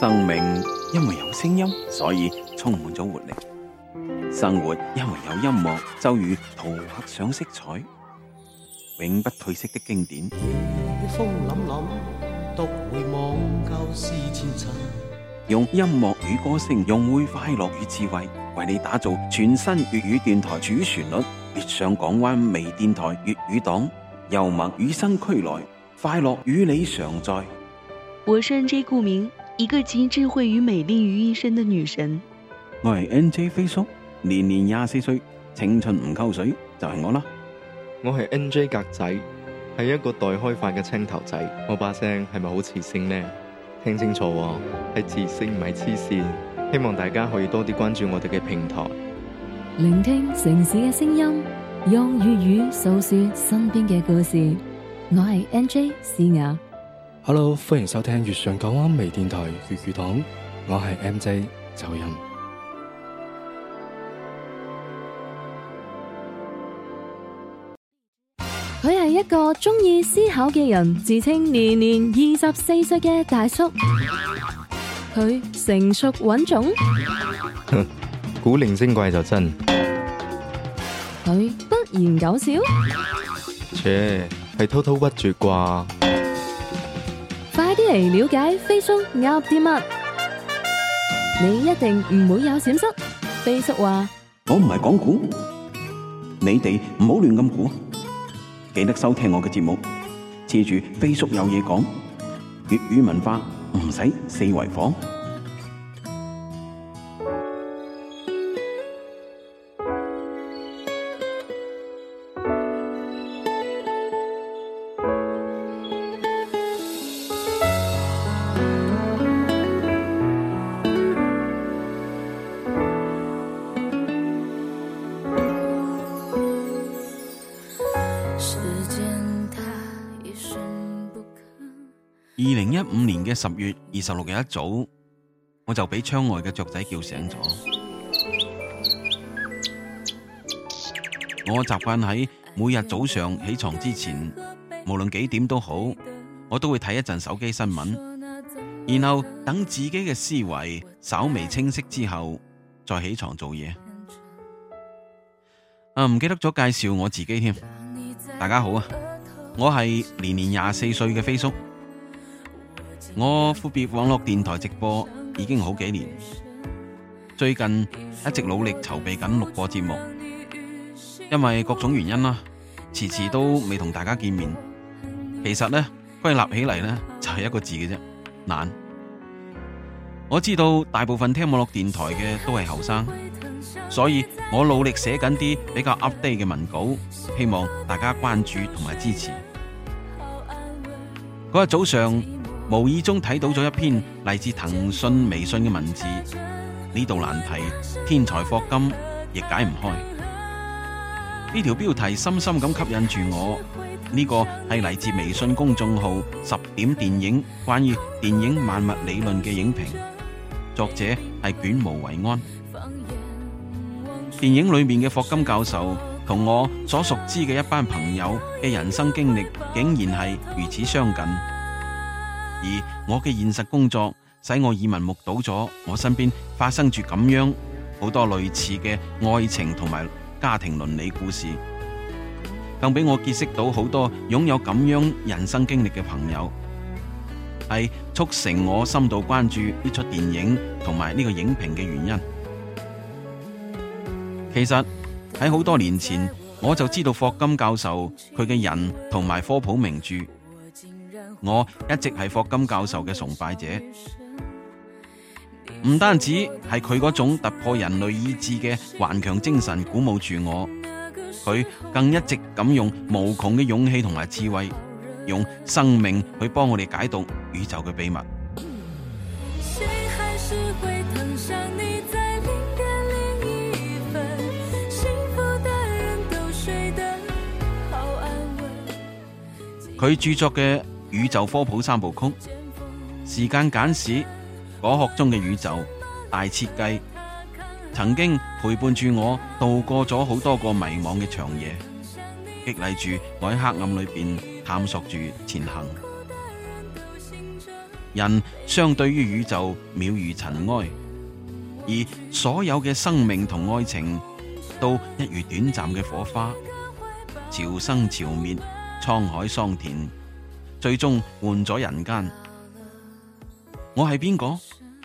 生命因為有聲音，所以充滿咗活力；生活因為有音樂，周瑜塗刻上色彩，永不褪色的經典。風浪浪讀回用音樂與歌聲，用會快樂與智慧，為你打造全新粵語電台主旋律。月上港灣微電台粵語檔，幽默與生俱來，快樂與你常在。我係 J 故名。一個集智慧與美麗於一身的女神。我係 N J 飛叔，年年廿四歲，青春唔溝水就係、是、我啦。我係 N J 格仔，係一個待開發嘅青頭仔。我把聲係咪好磁性呢？聽清楚，哦，係磁性唔係黐線。希望大家可以多啲關注我哋嘅平台，聆聽城市嘅聲音，用粵語訴說身邊嘅故事。我係 N J 思雅。hello，歡迎收聽月上港灣微電台粵語檔，我係 M J 就音。佢係一個中意思考嘅人，自稱年年二十四歲嘅大叔。佢成熟穩重，古靈精怪就真。佢不言搞笑，切係偷偷屈住啩。快啲嚟，了解飛叔鴨啲乜？你一定唔會有閃失。飛叔話：我唔係講古，你哋唔好亂咁估。記得收聽我嘅節目，黐住飛叔有嘢講。粵語文化唔使四圍火。二零一五年嘅十月二十六日一早，我就俾窗外嘅雀仔叫醒咗。我習慣喺每日早上起床之前，無論幾點都好，我都會睇一陣手機新聞，然後等自己嘅思維稍微清晰之後，再起床做嘢。啊，唔記得咗介紹我自己添，大家好啊，我係年年廿四歲嘅飛叔。我闊別網絡電台直播已經好幾年，最近一直努力籌備緊錄播節目，因為各種原因啦、啊，遲遲都未同大家見面。其實呢，歸納起嚟呢，就係、是、一個字嘅啫，懶。我知道大部分聽網絡電台嘅都係後生，所以我努力寫緊啲比較 update 嘅文稿，希望大家關注同埋支持。嗰日早上。無意中睇到咗一篇嚟自騰訊微信嘅文字，呢道難題，天才霍金亦解唔開。呢條標題深深咁吸引住我，呢、這個係嚟自微信公眾號十點電影關於電影萬物理論嘅影評，作者係卷毛維安。電影裏面嘅霍金教授同我所熟知嘅一班朋友嘅人生經歷竟然係如此相近。而我嘅現實工作使我耳聞目睹咗我身邊發生住咁樣好多類似嘅愛情同埋家庭倫理故事，更俾我結識到好多擁有咁樣人生經歷嘅朋友，係促成我深度關注呢出電影同埋呢個影評嘅原因。其實喺好多年前，我就知道霍金教授佢嘅人同埋科普名著。我一直係霍金教授嘅崇拜者，唔單止係佢嗰種突破人類意志嘅頑強精神鼓舞住我，佢更一直咁用無窮嘅勇氣同埋智慧，用生命去幫我哋解讀宇宙嘅秘密。佢著作嘅宇宙科普三部曲：時間簡史、果殼中嘅宇宙、大設計，曾經陪伴住我渡過咗好多個迷惘嘅長夜，激勵住我喺黑暗裏面探索住前行。人相對於宇宙渺如塵埃，而所有嘅生命同愛情，都一如短暫嘅火花，潮生潮滅，滄海桑田。最終換咗人間，我係邊個？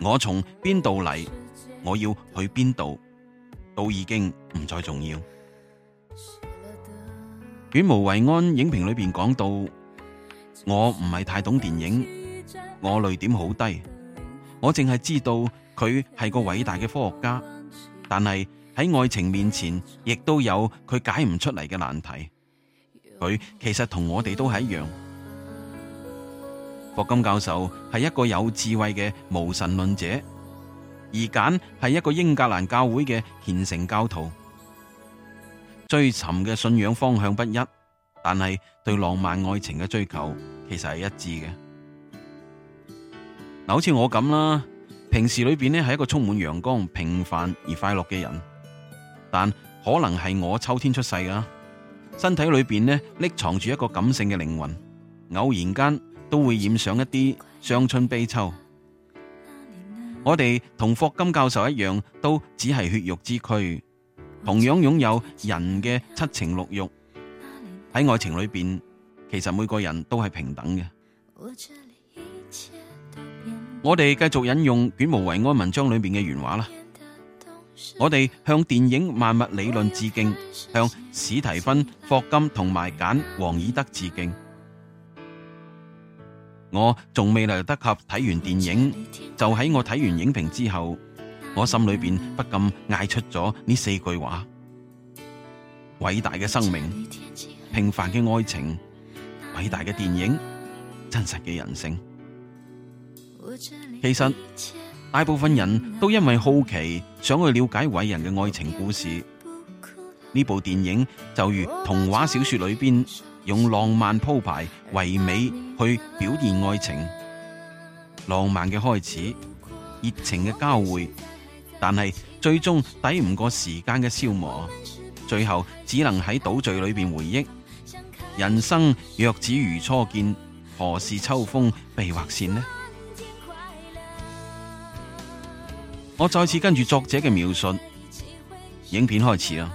我從邊度嚟？我要去邊度？都已經唔再重要。捲毛維安影評裏邊講到，我唔係太懂電影，我淚點好低，我淨係知道佢係個偉大嘅科學家，但係喺愛情面前，亦都有佢解唔出嚟嘅難題。佢其實同我哋都係一樣。霍金教授係一個有智慧嘅無神論者，而簡係一個英格蘭教會嘅虔誠教徒，追尋嘅信仰方向不一，但係對浪漫愛情嘅追求其實係一致嘅。嗱，好似我咁啦，平時裏邊呢係一個充滿陽光、平凡而快樂嘅人，但可能係我秋天出世啊，身體裏邊呢匿藏住一個感性嘅靈魂，偶然間。都會染上一啲傷春悲秋。我哋同霍金教授一樣，都只係血肉之軀，同樣擁有人嘅七情六欲。喺愛情裏邊，其實每個人都係平等嘅。我哋繼續引用《捲毛維安》文章裏面嘅原話啦。我哋向電影萬物理論致敬，向史提芬霍金同埋簡王爾德致敬。我仲未嚟得及睇完電影，就喺我睇完影評之後，我心裏邊不禁嗌出咗呢四句話：偉大嘅生命、平凡嘅愛情、偉大嘅電影、真實嘅人性。其實大部分人都因為好奇，想去了解偉人嘅愛情故事。呢部電影就如童話小說裏邊。用浪漫鋪排、唯美去表現愛情，浪漫嘅開始，熱情嘅交匯，但係最終抵唔過時間嘅消磨，最後只能喺倒敘裏邊回憶。人生若只如初見，何事秋風悲畫扇呢？我再次跟住作者嘅描述，影片開始啦。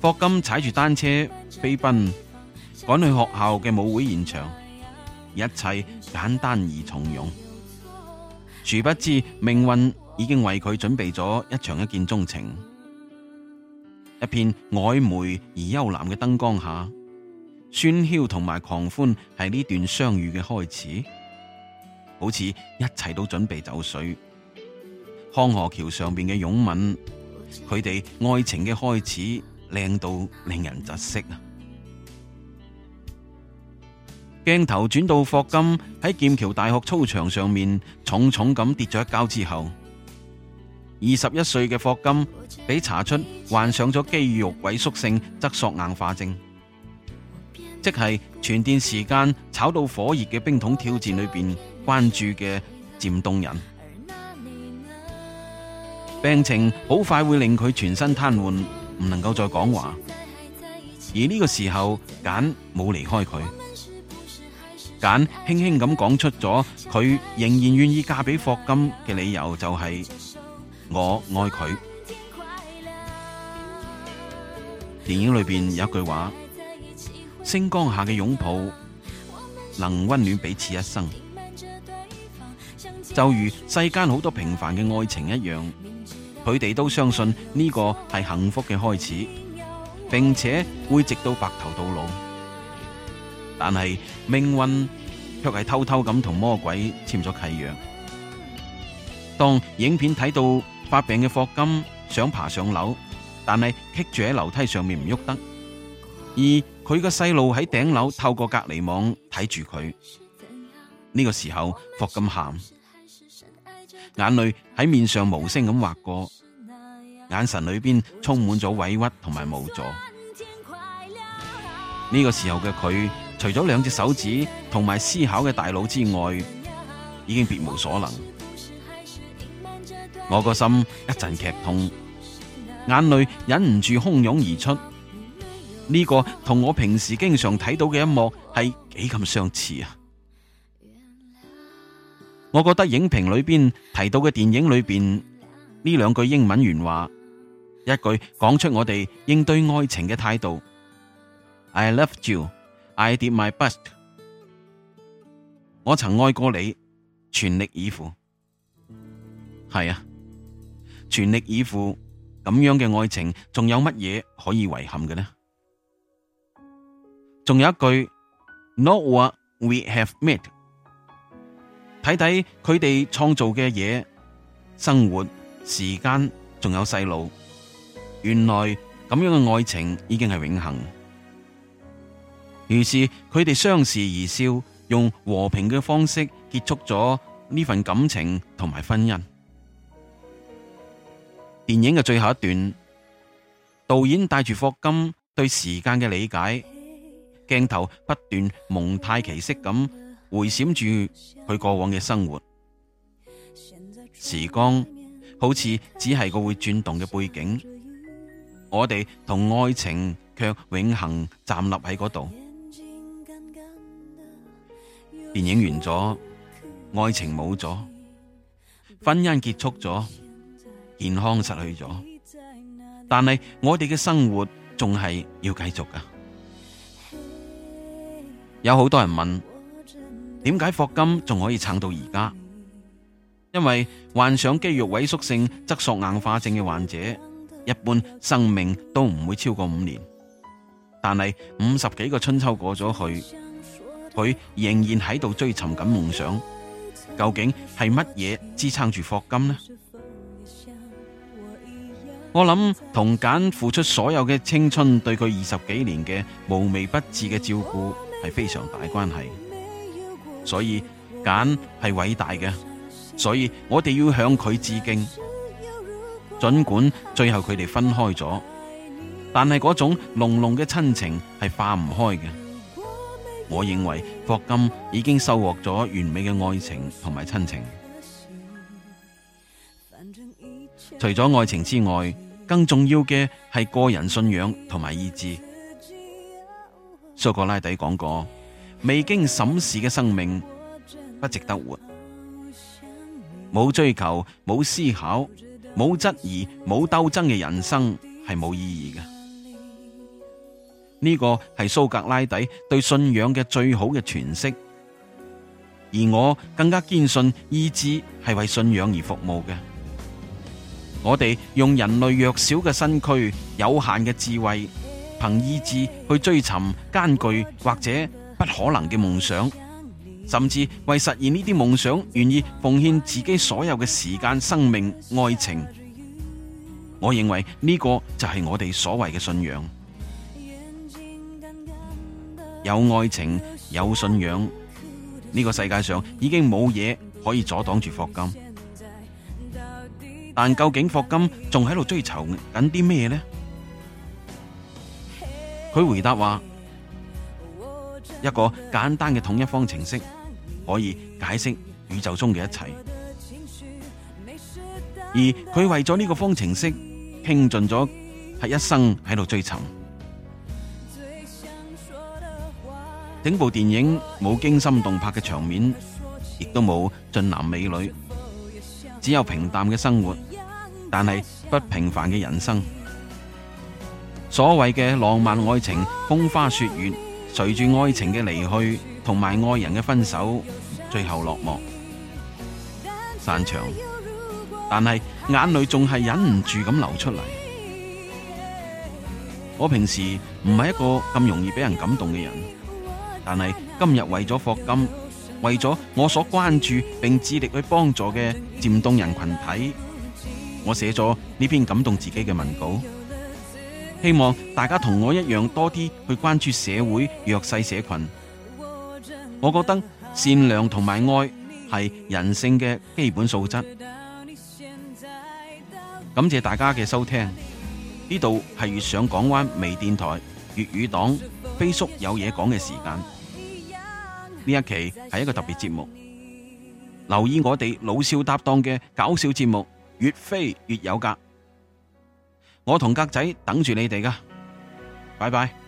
霍金踩住單車。飛奔趕去學校嘅舞會現場，一切簡單而從容。殊不知命運已經為佢準備咗一場一見鍾情。一片曖昧而幽藍嘅燈光下，喧囂同埋狂歡係呢段相遇嘅開始，好似一切都準備就緒。康河橋上邊嘅擁吻，佢哋愛情嘅開始，靚到令人窒息。鏡頭轉到霍金喺劍橋大學操場上面重重咁跌咗一跤之後，二十一歲嘅霍金俾查出患上咗肌肉萎縮性側索硬化症，即係前段時間炒到火熱嘅冰桶挑戰裏邊關注嘅漸凍人，病情好快會令佢全身癱瘓，唔能夠再講話。而呢個時候，簡冇離開佢。簡輕輕咁講出咗佢仍然願意嫁俾霍金嘅理由，就係我愛佢。電影裏邊有一句話：星光下嘅擁抱，能温暖彼此一生。就如世間好多平凡嘅愛情一樣，佢哋都相信呢個係幸福嘅開始，並且會直到白頭到老。但係命運卻係偷偷咁同魔鬼簽咗契約。當影片睇到發病嘅霍金想爬上樓，但係棘住喺樓梯上面唔喐得，而佢個細路喺頂樓透過隔離網睇住佢。呢個時候霍金喊，眼淚喺面上無聲咁劃過，眼神裏邊充滿咗委屈同埋無助。呢個時候嘅佢。除咗兩隻手指同埋思考嘅大腦之外，已經別無所能。我個心一陣劇痛，眼淚忍唔住洶湧而出。呢個同我平時經常睇到嘅一幕係幾咁相似啊！我覺得影評裏邊提到嘅電影裏邊呢兩句英文原話，一句講出我哋應對愛情嘅態度：I love you。I did my best，我曾愛過你，全力以赴。係啊，全力以赴，咁樣嘅愛情，仲有乜嘢可以遺憾嘅呢？仲有一句，Not what we have met。睇睇佢哋創造嘅嘢，生活、時間，仲有細路，原來咁樣嘅愛情已經係永恒。於是佢哋相視而笑，用和平嘅方式結束咗呢份感情同埋婚姻。電影嘅最後一段，導演帶住霍金對時間嘅理解，鏡頭不斷蒙太奇式咁回閃住佢過往嘅生活。時光好似只係個會轉動嘅背景，我哋同愛情卻永恒站立喺嗰度。電影完咗，愛情冇咗，婚姻結束咗，健康失去咗，但係我哋嘅生活仲係要繼續噶。有好多人問，點解霍金仲可以撐到而家？因為患上肌肉萎縮性側索硬化症嘅患者，一般生命都唔會超過五年。但係五十幾個春秋過咗去。佢仍然喺度追尋緊夢想，究竟係乜嘢支撐住霍金呢？我諗同簡付出所有嘅青春，對佢二十幾年嘅無微不至嘅照顧，係非常大關係。所以簡係偉大嘅，所以我哋要向佢致敬。盡管最後佢哋分開咗，但係嗰種濃濃嘅親情係化唔開嘅。我認為霍金已經收穫咗完美嘅愛情同埋親情。除咗愛情之外，更重要嘅係個人信仰同埋意志。蘇格拉底講過：未經審視嘅生命不值得活。冇追求、冇思考、冇質疑、冇鬥爭嘅人生係冇意義嘅。呢個係蘇格拉底對信仰嘅最好嘅詮釋，而我更加堅信意志係為信仰而服務嘅。我哋用人類弱小嘅身軀、有限嘅智慧，憑意志去追尋艱巨或者不可能嘅夢想，甚至為實現呢啲夢想，願意奉獻自己所有嘅時間、生命、愛情。我認為呢個就係我哋所謂嘅信仰。有愛情，有信仰，呢個世界上已經冇嘢可以阻擋住霍金。但究竟霍金仲喺度追求緊啲咩呢？佢回答話：一個簡單嘅統一方程式可以解釋宇宙中嘅一切。而佢為咗呢個方程式傾盡咗係一生喺度追尋。整部電影冇驚心動魄嘅場面，亦都冇俊男美女，只有平淡嘅生活，但係不平凡嘅人生。所謂嘅浪漫愛情、風花雪月，隨住愛情嘅離去同埋愛人嘅分手，最後落幕散場。但係眼淚仲係忍唔住咁流出嚟。我平時唔係一個咁容易俾人感動嘅人。但係今日為咗霍金，為咗我所關注並致力去幫助嘅漸凍人群體，我寫咗呢篇感動自己嘅文稿，希望大家同我一樣多啲去關注社會弱勢社群。我覺得善良同埋愛係人性嘅基本素質。感謝大家嘅收聽，呢度係月上港灣微電台粵語檔飛叔有嘢講嘅時間。呢一期係一個特別節目，留意我哋老少搭檔嘅搞笑節目，越飛越有格。我同格仔等住你哋㗎，拜拜。